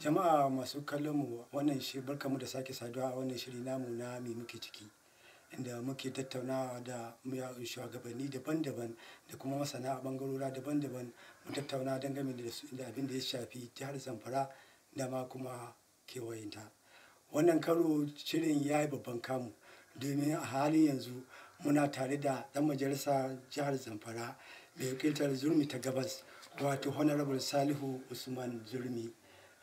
jama'a masu kallon mu wannan shi mu da sake saduwa a wannan shiri namu na mai muke ciki inda muke tattaunawa da shugabanni daban-daban da kuma masana a bangarora daban-daban mu tattauna dangane da su inda abin da ya shafi jihar zamfara da ma kuma kewayenta wannan karo shirin ya yi babban kamu domin a halin yanzu muna tare da dan majalisa jihar zamfara mai wakiltar zurmi ta gabas wato honorable salihu usman zurmi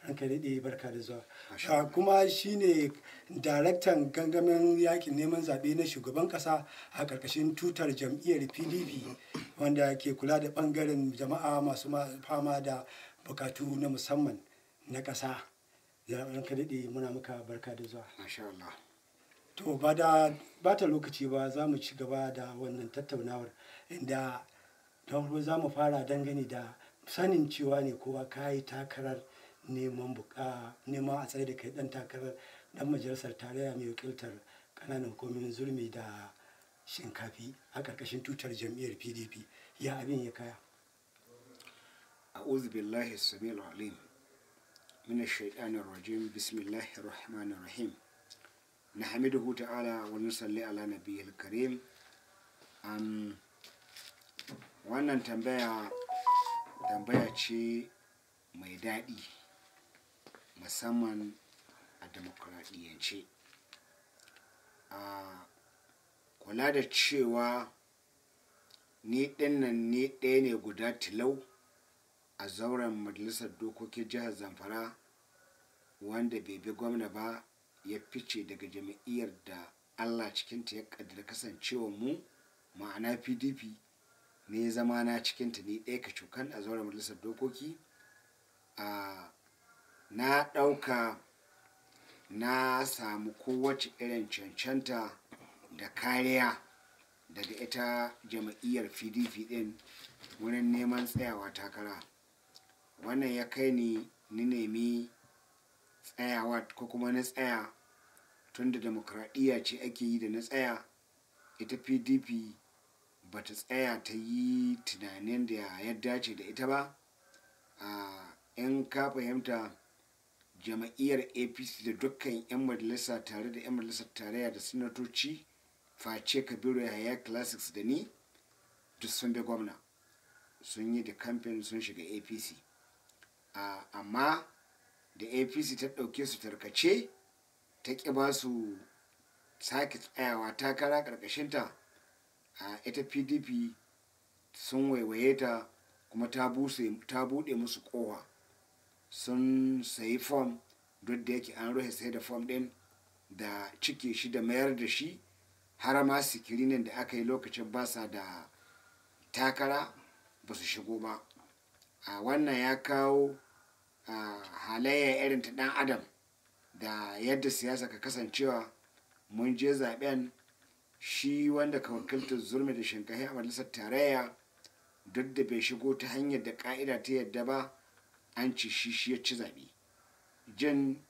kuma daɗe barka da zuwa ah, kuma shine daraktan gangamin yakin neman zaɓe na shugaban ƙasa a ƙarƙashin tutar jam'iyyar pdp wanda ke kula da ɓangaren jama'a masu fama da bukatu na musamman na ƙasa ka daɗe muna muka barka da zuwa to ba da ba ta lokaci ba za mu ci gaba da wannan tattaunawar inda don za mu fara dangane da sanin cewa ne kowa ka yi takarar neman buka neman a tsaye da kai dan takarar dan majalisar tarayya mai wakiltar kananan komin zulmi da shinkafi a karkashin tutar jam'iyyar pdp ya abin ya kaya a'udhu billahi samil alim min ash rajim bismillahir rahmanir rahim nahmaduhu ta'ala wa nusalli ala nabiyil karim um, wannan tambaya tambaya ce mai daɗi musamman a demokuraɗiyyance a kula da cewa ni ɗinnan ni ɗaya ne guda tilau a zauren majalisar dokokin jihar zamfara wanda bai bi gwamna ba ya fice daga jam'iyyar da allah cikinta ya kaddara kasancewa mu ma'ana pdp ne zama na cikinta ne ɗaya ka cokan a zauren majalisar dokoki a na ɗauka na samu kowace irin cancanta da kariya daga ita jam'iyyar pdp ɗin wurin neman tsayawa takara wannan ya kai ni ni nemi tsayawa ko kuma na tsaya tun da demokradiyya ce ake yi da na tsaya ita pdp ba ta tsaya ta yi tunanin da ya dace da ita ba a ah, in ka fahimta jama'iyar apc da dukkan 'yan majalisa tare da 'yan majalisar tarayya da sanatoci face kabiru yahaya classics da ni duk sun bi gwamna sun yi da kamfen sun shiga apc amma da apc ta ɗauke su tarkace ta ƙi ba su sake tsayawa takara ƙarƙashinta a ita pdp sun waiwaye ta kuma ta buɗe musu ƙowa sun sayi fom duk da yake an ruhe sai da fom din da cike shi da mayar da shi har ma sikirinin da aka yi lokacin basa da takara ba su shigo ba a wannan ya kawo halayya irin ta dan adam da yadda siyasa ka kasancewa mun je zaben shi wanda ka wakiltar zurmi da shinkahi a majalisar tarayya duk da bai shigo ta hanyar da ka'ida ta yadda ba an ci shi shi ya ci zaɓe jin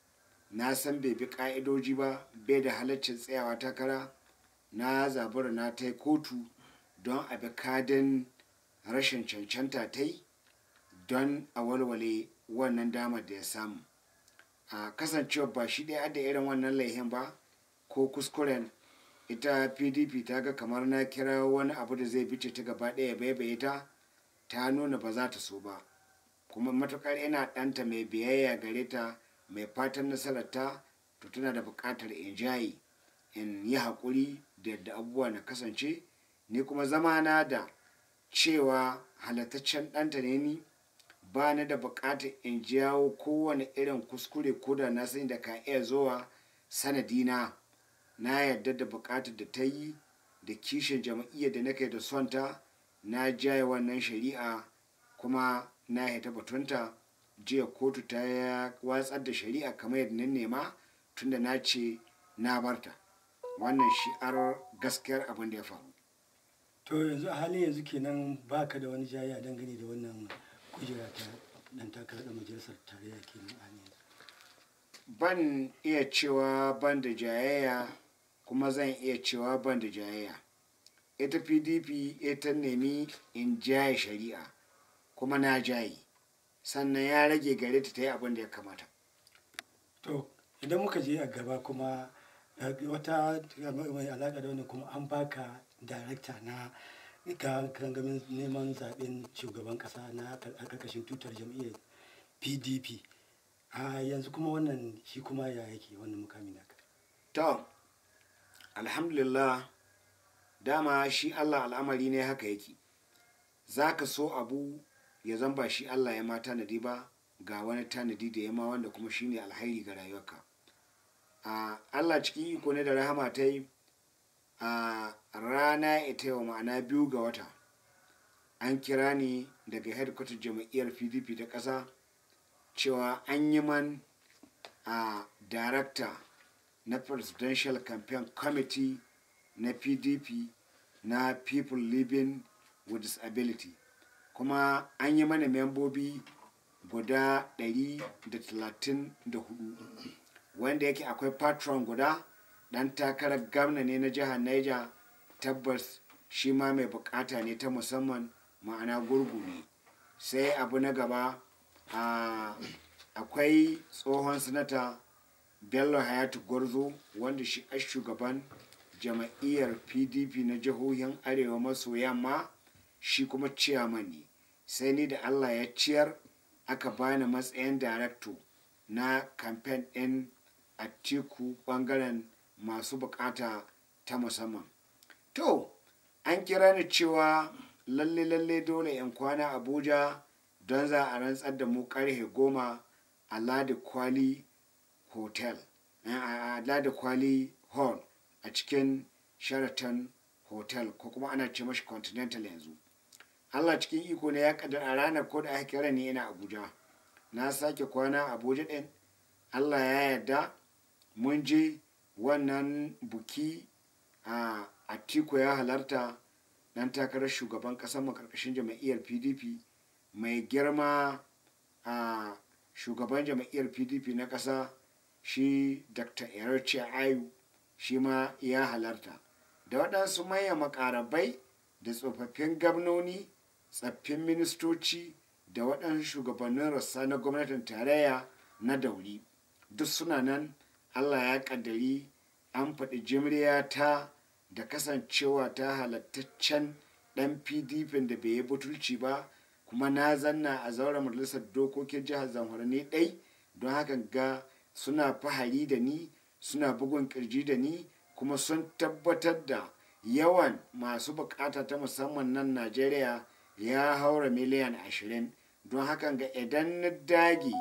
na san bai bi ƙa'idoji ba bai da halaccin tsayawa takara na zabura na ta kotu don a bi kadin rashin cancanta ta yi don a walwale wannan damar da ya samu a kasancewa ba shi ɗaya da irin wannan laihin ba ko kuskuren ita pdp ta ga kamar na kira wani abu da zai bice ta gaba ɗaya bai ta ta nuna ba za ta so ba kuma matukar yana ɗanta mai biyayya gare ta mai fatan nasarar ta to tana da buƙatar in jayi in yi haƙuri da yadda abubuwa na kasance ni kuma zama na da cewa halattaccen ɗanta ne ni ba ni da buƙatar in jawo kowane irin kuskure ko da na sani da ka iya zuwa sanadina na yadda da buƙatar da ta yi da kishin jama'iyyar da nake da sonta na jaye wannan shari'a kuma na ya ta batunta jiya kotu ta watsar da shari'a kamar yadda nan nema da na ce na barta wannan shi'ar gaskiyar abin da ya faru to yanzu a halin yanzu kenan baka da wani a dangane da wannan kujera ta dan takarar da majalisar tarayya kenan a yanzu ban iya cewa ban da jayayya kuma zan iya cewa ban da jayayya ita pdp ita nemi in jaya shari'a kuma na jayi sannan ya rage gare ta ta yi abin da ya kamata to idan muka je a gaba kuma wata mai alaƙa da wani kuma an baka darakta na ga gangamin neman zaɓen shugaban ƙasa na ƙarƙashin tutar jam'iyyar pdp a yanzu kuma wannan shi kuma ya yake wannan mukami na. to alhamdulillah dama shi allah al'amari ne haka yake za ka so abu ya zan ba shi Allah ya ma tanadi ba ga wani tanadi da ya ma wanda kuma shine alhairi ga rayuwarka a Allah cikin iko ne da rahama ta yi a rana ita yau ma'ana biyu ga wata an kira ni daga headquarter jam'iyyar pdp ta ƙasa cewa an yi man a director na presidential campaign committee na pdp na people living with disability kuma an yi mana membobi guda 134 wanda yake akwai patron guda dan takarar gamna ne na jihar Niger tabbas shi ma mai bukata ne ta musamman ma'ana gurgu ne sai abu na gaba akwai tsohon sanata bello hayatu gwarzo wanda shi a shugaban jama'iyyar pdp na jihohin arewa maso yamma shi kuma ciyaman sai ni da allah ya ciyar aka bani matsayin darakto na kamfen ɗin atiku ɓangaren masu bukata ta musamman to an kira ni cewa lalle lalle dole in kwana abuja don za a rantsar da mu karhe goma a ladi kwali hotel eh, a ladi kwali hall a cikin sheraton hotel ko kuma ana ce mashi continental yanzu Allah cikin iko ne ya kaddara a ranar ko da aka kira ni ina Abuja na sake kwana Abuja din Allah ya yarda mun je wannan buki a Atiku ya halarta nan takarar shugaban kasar mu karkashin PDP mai girma a shugaban jam'iyyar PDP na ƙasa shi Dr. Erochi Ayu shi ma ya halarta da waɗansu manyan makarabai da tsofaffin gabnoni tsaffin ministoci da waɗansu shugabannin rassa na gwamnatin tarayya na dauri duk suna nan allah ya ƙaddari an faɗi jimriya ta da kasancewa ta halattaccen ɗan pdp da bai yi butulci ba kuma na zanna a zauren majalisar dokokin jihar zamfara ne ɗai don haka ga suna fahari da ni suna bugun ƙirji da ni kuma sun tabbatar da yawan masu bukata ta musamman nan najeriya ya haura miliyan ashirin don hakan ga idan na dagi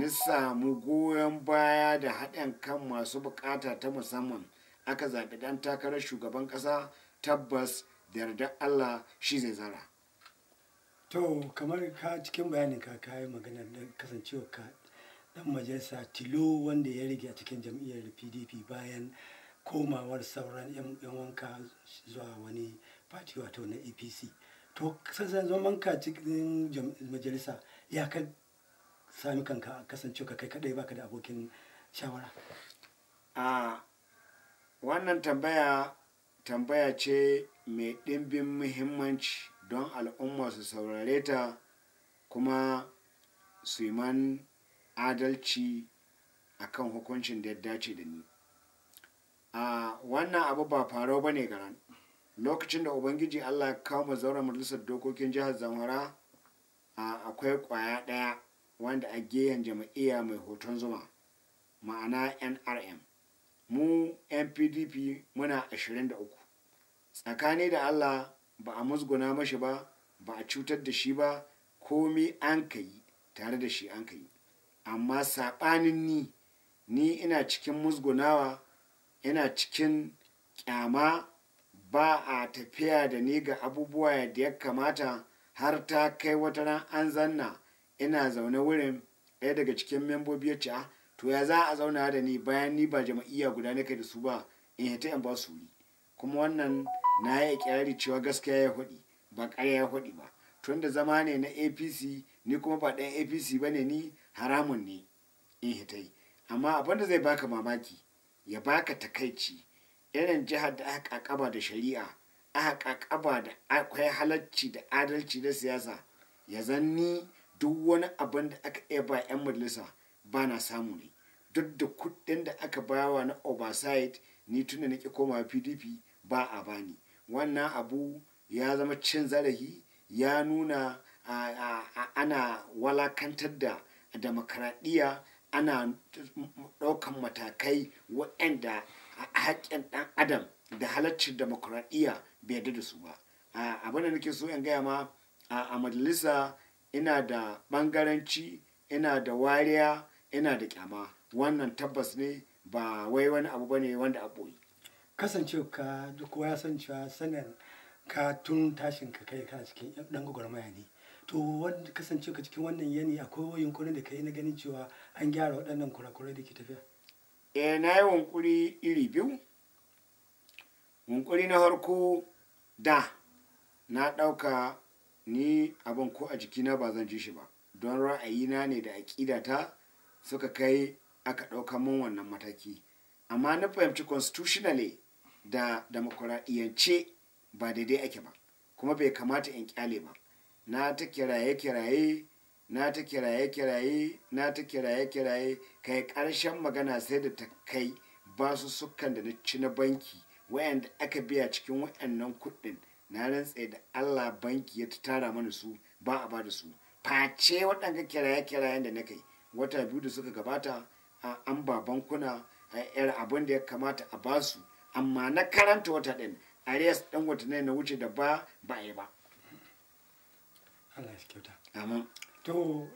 na samu goyon baya da haɗin kan masu bukata ta musamman aka zaɓi ɗan takarar shugaban ƙasa tabbas da yarda Allah shi zai zara. To kamar ka cikin bayanin ka kayi maganar dan kasancewa ka dan majalisa tilo wanda ya rige a cikin jam'iyyar PDP bayan komawar sauran 'yan wanka zuwa wani fati wato na APC. E to sassan zaman ka cikin majalisa ya ka sami kanka kasance ka kai kadai baka da abokin shawara a wannan tambaya tambaya ce mai ɗimbin muhimmanci don al'umma su saurare ta kuma su yi man adalci akan hukuncin da ya dace da ni a wannan abu ba faro ba ne garan lokacin da ubangiji allah ya kama zauren majalisar dokokin jihar zamora akwai kwaya daya wanda a giyan jama'iya mai hoton zuma ma'ana nrm mu npdp muna 23 tsakani da allah ba a musguna mashi ba ba a cutar da shi ba komi an ka yi tare da shi an ka yi amma saɓanin ni ni ina cikin musgunawa ina cikin kyama ba a tafiya da ni ga abubuwa yadda ya kamata har ta kai wata ran an zanna ina zaune wurin ɗaya daga cikin membobi ya ce ah, to ya za a zauna da ni bayan ni ba jama'iyya guda nake da su ba in ya in ba su yi kuma wannan na yi ikirari cewa gaskiya ya hudi ba ƙarya ya hudi ba tun da zama ne na apc ni kuma ba ɗan apc ba ne ni haramun ne in yi amma abin da zai baka mamaki ya baka takaici irin jihar da aka kaba da shari'a aka kaba da akwai halarci da adalci na siyasa ya zanni duk wani abin da aka iya ba 'yan majalisa ba na samu ne duk da kudin da aka bawa na oversight ni tunda nake koma pdp ba a bani wannan abu ya zama cin zarafi ya nuna ana walakantar da demokradiyya ana ɗaukan matakai waɗanda a haƙƙin ɗan adam da halaccin demokuraɗiyya bai yarda da su ba abin da nake so in gaya ma a majalisa ina da ɓangaranci ina da wariya ina da ƙyama. wannan tabbas ne ba wai wani abu ba ne wanda a ɓoye kasance ka duk ya san cewa sanin ka tun tashin ka kai kana cikin ɗan gwagwarmaya ne to kasance ka cikin wannan yanayi akwai yunkurin da ka yi na ganin cewa an gyara waɗannan kurakurai da ke tafiya eh na yi wankuri iri biyu wankuri na harko da na ɗauka ni abin ko a jikina ba zan ji shi ba don ra'ayina ne da aƙidata suka kai aka ɗauka min wannan mataki amma na fahimci constitutionally da demokuraɗiyance ba daidai ake ba kuma bai kamata in kyale ba na ta kiraye-kiraye na ta kiraye-kiraye na ta kiraye-kiraye kai ƙarshen magana sai da ta kai basu sukan da na ci na banki wayanda aka biya cikin wayannan kuɗin na rantse da allah banki ya tara mana su ba a ba da su face waɗanda kiraye-kirayen da na kai wata biyu da suka gabata a an ba bankuna a yar abin da ya kamata a ba su amma na karanta wata ɗin arias ɗan watanni na wuce da ba ba a yi ba to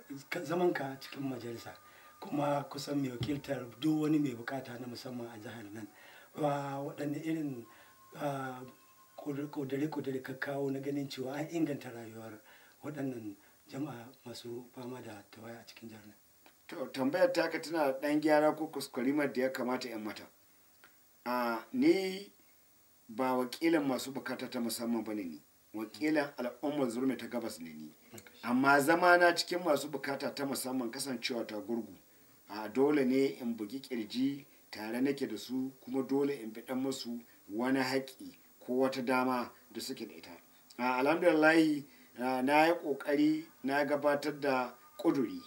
zaman ka cikin majalisa kuma kusan mai wakiltar duk wani mai bukata na musamman a jihar nan waɗanne irin kudure-kudure ka kawo na ganin cewa an inganta rayuwar waɗannan jama'a masu fama da tawaya a cikin jihar nan to tambayar taka tana da ɗan gyara ko kuskurimar da ya kamata 'yan mata a ni ba wakilan masu bukata ta musamman ba ne ni wakilan al'ummar zurmi ta gabas ne ni amma zama na cikin masu bukata ta musamman kasancewa ta gurgu a dole ne in bugi kirji tare nake da su kuma dole in fiɗan musu wani haƙi ko wata dama da suke da ita alhamdulillahi na yi ƙoƙari na gabatar da ƙuduri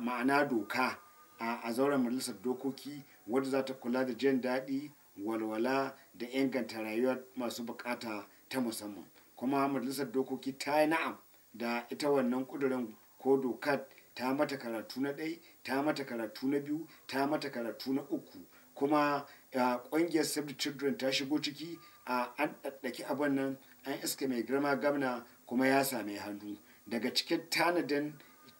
ma'ana doka a zauren majalisar dokoki wadda za ta kula da jin daɗi walwala da inganta rayuwar masu bukata ta musamman kuma majalisar dokoki ta yi na'am da ita wannan kudurin ko dokar ta mata karatu na ɗai ta mata karatu na biyu ta mata karatu na uku kuma ƙungiyar save the children ta shigo ciki a an ɗaɗɗaki abin nan an iska mai girma gamna kuma ya same hannu daga cikin tanadin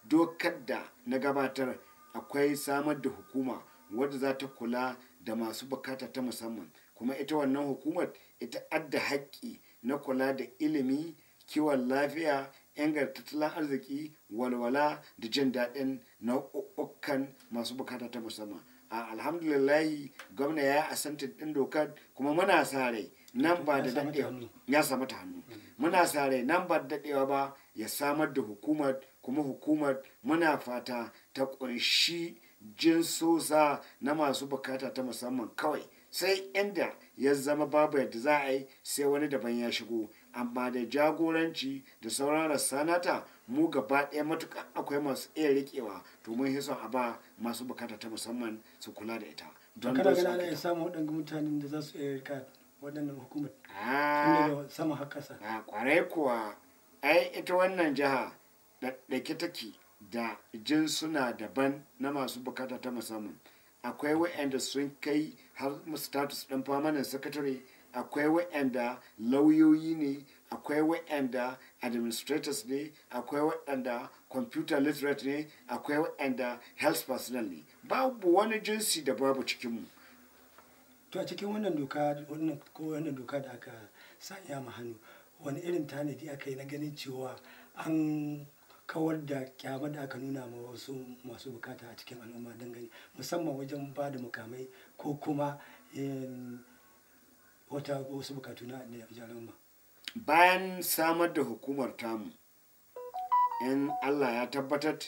dokar da na gabatar akwai samar da hukuma wadda za ta kula da masu bukata ta musamman kuma ita wannan hukumar ita adda haƙƙi na kula da ilimi kiwon lafiya inganta tattalin arziki walwala da jin daɗin nau'ukan masu bukata ta musamman a alhamdulillahi gwamna ya asanta ɗin dokar kuma muna sa nan ba da daɗewa ya samu ta hannu muna sare nan ba da daɗewa ba ya samar da hukumar kuma hukumar muna fata ta ƙunshi jinsosa na masu bukata ta musamman kawai sai inda ya zama babu yadda za a yi sai wani daban ya shigo amma da jagoranci da sauran sanata mu gaba ɗaya matuƙa akwai masu iya riƙewa to mun hison a ba masu bukata ta musamman su kula da ita don kada ga ana samu waɗanda mutanen da za su iya riƙa waɗannan hukumar ah. tun sama har a ah, ƙwarai kuwa ai ita wannan jiha ɗaɗɗake take da jinsuna daban na masu bukata ta musamman akwai waɗanda sun kai har status ɗin famanin sakatare. akwai wa'anda lauyoyi ne akwai wa'anda administrators ne akwai wa'anda computer literate ne akwai wa'anda health personnel ne babu wani jinsi da babu cikinmu to a cikin wannan doka ko wannan doka da aka sanya ma hannu wani irin tanadi aka yi na ganin cewa an kawar da kyamar da aka nuna ma wasu masu bukata a cikin al'umma dangane musamman wajen ba da mukamai ko kuma eh, wata wasu bukatu na bayan samar da hukumar tamu in allah ya tabbatar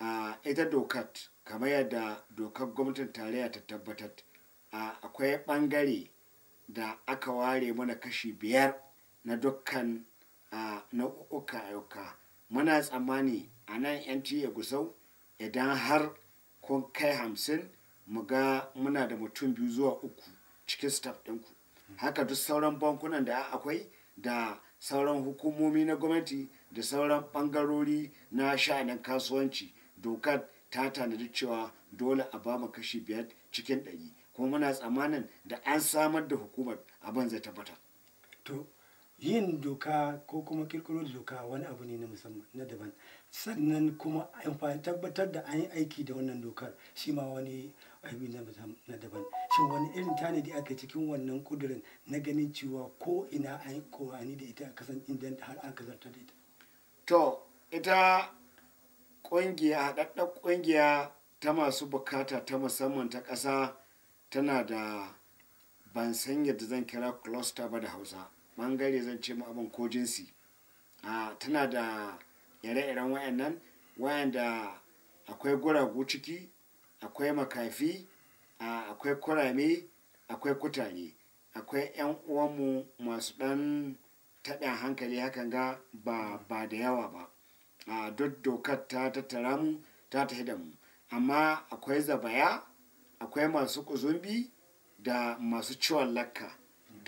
a ita dokar kamar yadda dokar gwamnatin tarayya ta tabbatar akwai bangare da aka ware mana kashi biyar na dukkan nau'uka ayyuka muna tsammani a nan yanci ya gusau idan har kun kai hamsin muga muna da mutum biyu zuwa uku cikin staff ɗinku haka duk sauran bankunan da akwai da sauran hukumomi na gwamnati da sauran bangarori na sha'anin kasuwanci dokar ta tanadi cewa dole a ba mu kashi biyar cikin ɗari kuma muna tsammanin da an samar da hukumar abin zai tabbata to yin doka ko kuma kirkiro da doka wani abu ne na musamman na daban sannan kuma amfani tabbatar da an yi aiki da wannan dokar shi ma wani abu ne na daban shin wani irin tanadi aka cikin wannan kudurin na ganin cewa ko ina an yi kowani da ita a kasan inda har aka zartar da ita to ita kungiya haɗaɗɗen kungiya ta masu bukata ta musamman ta ƙasa tana da ban san yadda zan kira cluster ba da hausa mangare zan ce mu abin ko jinsi tana da ire-iren wayannan wayanda akwai guragu ciki akwai makafi akwai kurame akwai kutane akwai 'yan uwanmu masu ɗan taɗin hankali hakan ga ba, ba da yawa ba a duk dokar ta tattara mu ta tafi da mu amma akwai zabaya akwai masu kuzumbi da masu ciwon lakka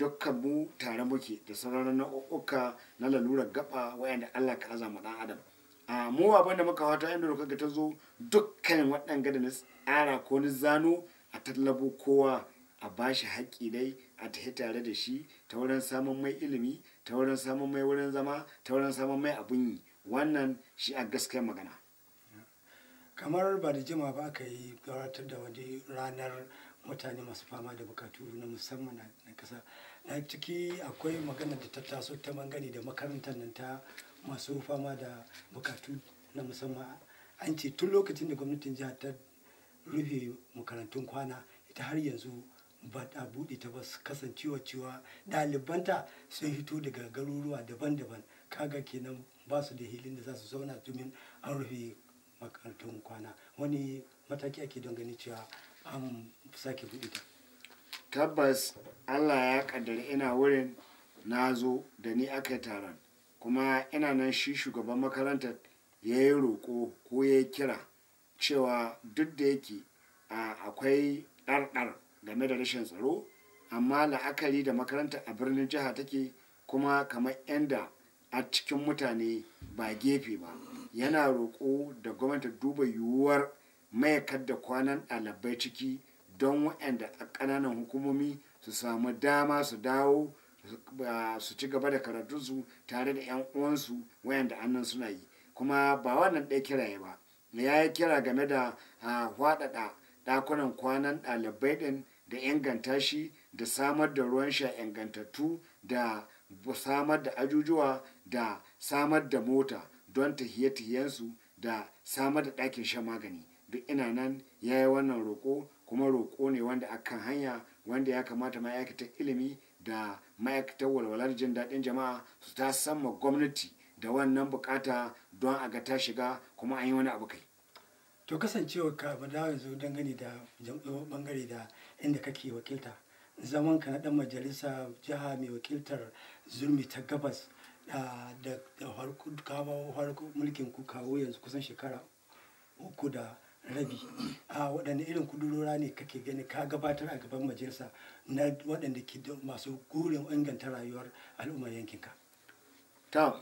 dukkan mu tare muke da sauran nau'uka na lalurar gaba wayanda Allah ka azama dan adam a mu abin da muka wata inda ga ta zo dukkan waɗanga da na tsara ko na zano a tallabo kowa a bashi haƙƙi dai a tafi tare da shi ta wurin samun mai ilimi ta wurin samun mai wurin zama ta wurin samun mai abun yi wannan shi a gaskiyar magana kamar ba da jima ba aka yi gabatar da wani ranar mutane masu fama da bukatu na musamman na ƙasa a ciki akwai magana da ta taso ta mangani da makarantar nan ta masu fama da bukatu na musamman an ce tun lokacin da gwamnatin jihar ta rufe makarantun kwana ita har yanzu ba ta buɗe ta ba kasancewa cewa ɗalibanta sun hito daga garuruwa daban-daban kaga kenan ba su da hilin da za su zauna domin an rufe makarantun kwana wani mataki ake don ganin cewa an sake buɗe ta tabbas allah ya kaddari ina wurin na zo da ni aka taron kuma ina nan shi shugaban makarantar ya yi roƙo ko ya yi kira cewa duk da yake akwai ɗarɗar game da rashin tsaro amma la'akari da makaranta a birnin jiha take kuma kamar yadda a cikin mutane ba gefe ba yana roƙo da gwamnati duba yiwuwar mayakar da kwanan ɗalibai ciki don waɗanda ƙananan hukumomi su samu dama su dawo su ci gaba da karatunsu tare da 'yan uwansu wayanda annan suna yi kuma ba wannan ɗaya kiraye ba ya yi kira game da faɗaɗa ɗakunan kwanan ɗalibai ɗin da inganta shi da samar da ruwan sha ingantattu da samar da ajujuwa da samar da mota don tahiye-tahiyensu da samar da ɗakin shan magani duk ina nan ya yi wannan roƙo kuma roƙo ne wanda a kan hanya wanda ya kamata ma'aikatar ilimi da ma'aikatar walwalar jin daɗin jama'a su ta samma gwamnati da wannan bukata don a ga ta shiga kuma an yi wani abu kai to kasancewa ka ba da yanzu dangane da jam'iyyar bangare da inda kake wakilta zaman ka na dan majalisa jiha mai wakiltar zurmi ta gabas da harkar mulkin ku kawo yanzu kusan shekara uku da rabi a waɗanda irin kudurora ne kake gani ka gabatar a gaban majalisa na waɗanda ke masu gurin inganta rayuwar al'ummar yankinka ta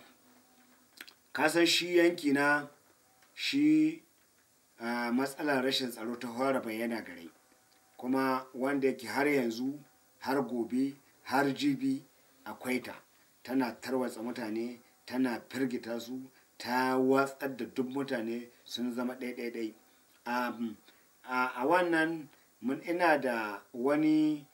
san shi yanki na shi matsalar rashin tsaro ta fara bayyana gare kuma wanda yake har yanzu har gobe har jibi akwai ta tana tarwatsa mutane tana firgita su ta watsar da duk mutane sun zama ɗaiɗaiɗai um, a, wannan mun ina da wani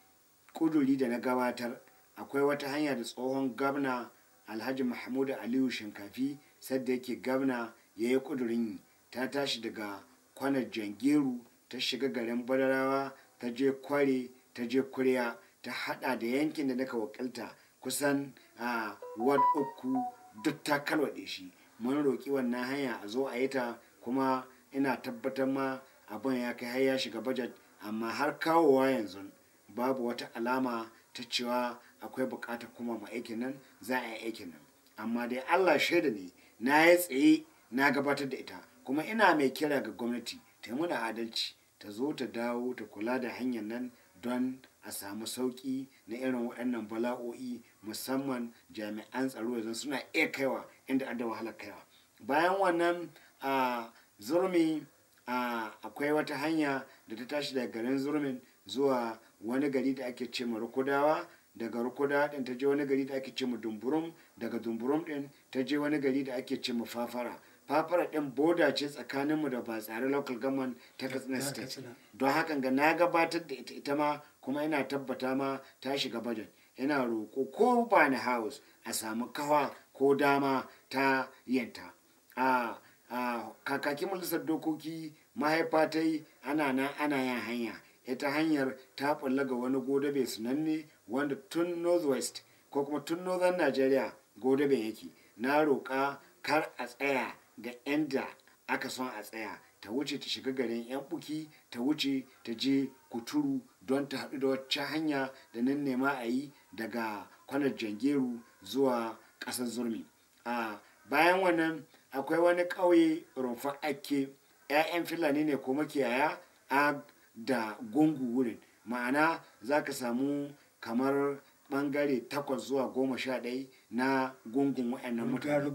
kuduri da na gabatar akwai wata hanya da tsohon gabna alhaji mahmudu aliyu shinkafi sadda yake gabna ya yi kudurin ta tashi daga kwanar jangiru ta shiga garin badarawa ta je kware ta je kuriya ta hada da yankin da naka wakilta kusan a wad uku duk ta kalwade shi mun roƙi wannan hanya a zo a yi ta kuma ina tabbatar ma abin ya kai har ya shiga bajet amma har kawowa yanzu babu wata alama ta cewa akwai bukatar kuma ma aikin nan za a yi aikin nan amma dai allah shaida ne na yi tsaye na gabatar da ita kuma ina mai kira ga gwamnati ta yi muna adalci ta zo ta dawo ta kula da hanyar nan don a samu sauki na irin waɗannan bala'o'i musamman jami'an tsaro yanzu suna iya kaiwa inda an da wahalar kaiwa bayan wannan a ah, zurmi akwai wata hanya da ta tashi daga garin zurmin zuwa wani gari da ake ce ma rukudawa daga rukuda din ta je wani gari da ake ce ma dumburum daga dumburum din ta je wani gari da ake ce ma fafara fafara din boda ce tsakaninmu da ba tsare local government ta katsina state don hakan ga na gabatar da ita ita ma kuma ina tabbata ma ta shiga budget ina roko ko bani house a samu kawa ko dama ta yanta a a kakakin majalisar dokoki mahaifa ta yi ana nan ana yin hanya ita hanyar ta ɓulla ga wani godabe sunanne wanda tun northwest ko kuma tun northern nigeria godobe yake na roƙa kar a tsaya ga 'yan da aka son a tsaya ta wuce ta shiga garin 'yan buki ta wuce ta je kuturu don ta haɗu da wacce hanya da nan nema a yi daga kwanar jangeru zuwa ƙasar zurmi a bayan wannan akwai wani ƙauye rumfa ake 'ya'yan filani ne ko makiyaya a da gungu wurin ma'ana za ka samu kamar ɓangare takwas zuwa goma sha ɗai na gungun waɗannan mutane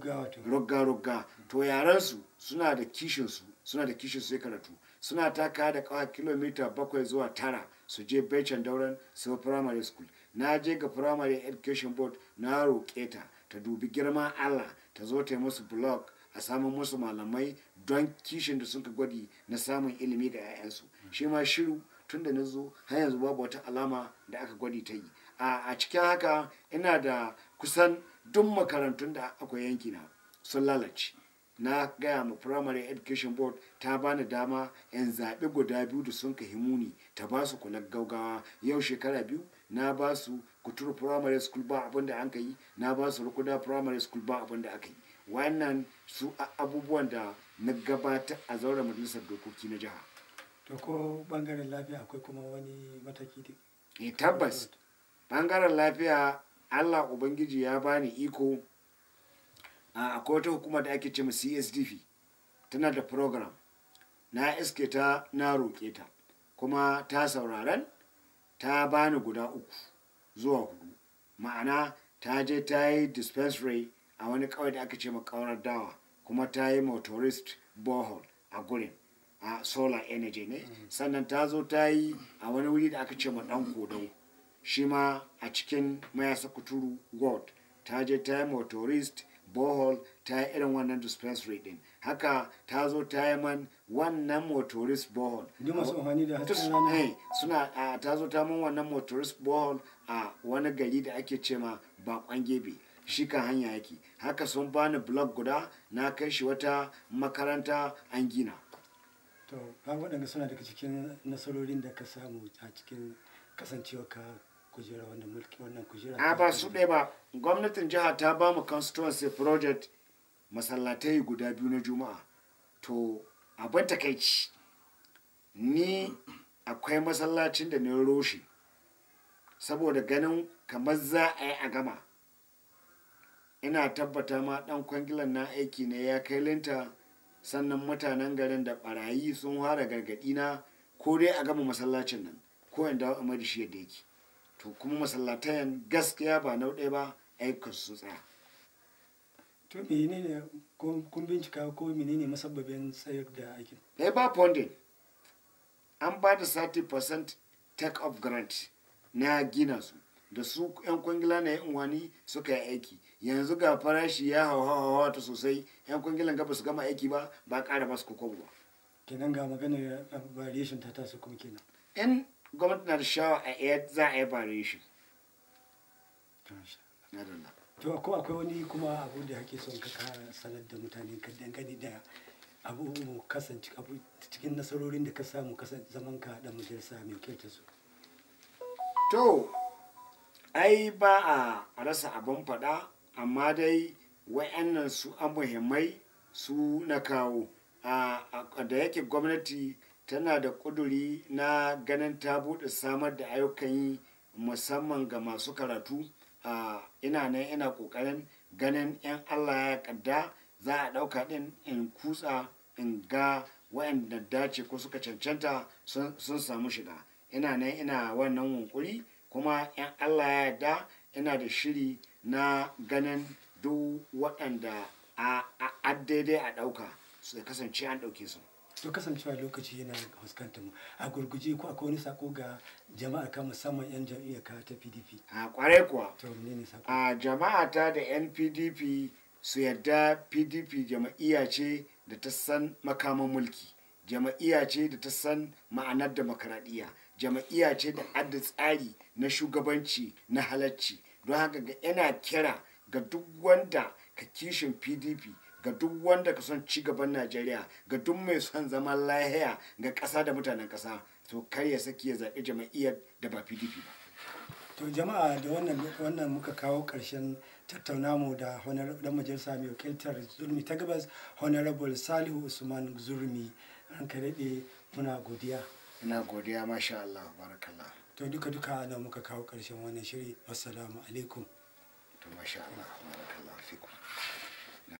rugga-rugga to yaransu suna da kishinsu suna da kishin su karatu suna taka da kawai kilomita bakwai zuwa tara su je becen dauran su primary school na je ga primary education board na roƙe ta dubi girma allah ta zo ta yi musu blog a samun musu malamai don kishin da suka gwadi na samun ilimi da 'ya'yansu shi ma shiru tun da na zo har yanzu babu wata alama da aka gwadi ta yi a cikin haka ina da kusan duk makarantun da akwai yankina sun lalace na gaya ma primary education board ta bani dama yan zaɓe guda biyu da sun himuni ta ba su kula gaugawa yau shekara biyu na ba su kuturu primary school ba abin da an ka yi na ba su rukuda primary school ba abin da aka yi wannan su abubuwan da na gabata a zauren majalisar dokoki na jiha to ko bangaren lafiya akwai kuma wani mataki da e tabbas bangaren lafiya allah ubangiji ya bani iko akwai wata hukuma da ake ce ma csdp tana da program na iske ta na roƙe ta kuma ta sauraren ta bani guda uku zuwa hudu ma'ana ta je ta yi dispensary a wani kawai da aka ce ma kawar dawa kuma ta yi motorist borehole a gurin a solar energy ne mm. sannan ta zo ta yi a wani wuri da aka ce ma dan kodau shi ma a cikin mayasa kuturu gold ta je ta yi motorist borehole ta yi irin wannan dispensary din haka ta zo ta yi man wannan motorist borehole eh, suna ta zo ta man wannan motorist borehole a wani gari da ake ce ma bakon gebe shi hanya yake haka sun bani blog guda na kai shi wata makaranta an gina to an waɗanda suna daga cikin nasarorin da ka samu a cikin kasancewa ka kujera wannan mulki wannan kujera a ba su ɗaya ba gwamnatin jiha ta ba mu constituency project masallatai guda biyu na juma'a to abin takaici ni akwai masallacin da na roshi saboda ganin kamar za a yi a gama ina tabbata ma dan kwangilan na aiki ne ya kai linta sannan mutanen garin da barayi sun fara gargaɗi na ko dai a gama masallacin nan ko in dawo a da shi yadda yake to kuma masallatayan gaskiya ba nau ɗaya ba aikin su tsaya to menene kun bincika ko menene masababin tsayar da aikin labor funding an ba da 30% take off grant na gina su da su 'yan kwangila na yi unwani suka yi aiki yanzu ga farashi ya hau ta sosai yan kwangilan ga su gama aiki ba ba ƙara masu kwabo ba kenan ga magana variation ta taso kuma kenan in gwamnati na da shawa a iya za a yi variation to ko akwai wani kuma abu da hake son ka sanar da mutane ka dangane da abu kasance abu cikin nasarorin da ka samu zaman ka da majalisa mai kyauta su to ai ba a rasa abin faɗa amma dai wa'annan su an muhimmai su na kawo da yake gwamnati tana da ƙuduri na ganin ta buɗe samar da ayyukan yi musamman ga masu karatu ina nan ina ƙoƙarin ganin 'yan allah ya kadda za a ɗauka ɗin in kutsa in ga waɗanda dace ko suka cancanta sun samu shiga ina nan ina wannan hunkuri kuma 'yan allah ya yarda ina da shiri na ganin duk waɗanda a daidai a ɗauka su kasance an ɗauke su to kasancewa lokaci yana fuskantar mu a gurguje ko akwai wani sako ga jama'a ka musamman yan jam'iyyar ka ta pdp a kware kuwa to ne sako a jama'a ta da yan pdp su yadda pdp jama'iyya ce da ta san makaman mulki jama'iyya ce da ta san ma'anar demokradiyya jama'iyya ce da adda tsari na shugabanci na halacci don haka ga yana kira ga duk wanda ka kishin pdp ga duk wanda ka son ci gaban najeriya ga duk mai son zaman lahiya ga ƙasa da mutanen ƙasa to kar ya saki ya zaɓi jama'iyyar da ba pdp ba to jama'a da wannan muka kawo ƙarshen tattauna mu da dan majalisa mai wakiltar zurmi ta gabas honorable salihu usman zurmi an daɗe muna godiya ina godiya masha allah barakallah to duka duka ana muka kawo ƙarshen wannan shiri assalamu alaikum to masha Allah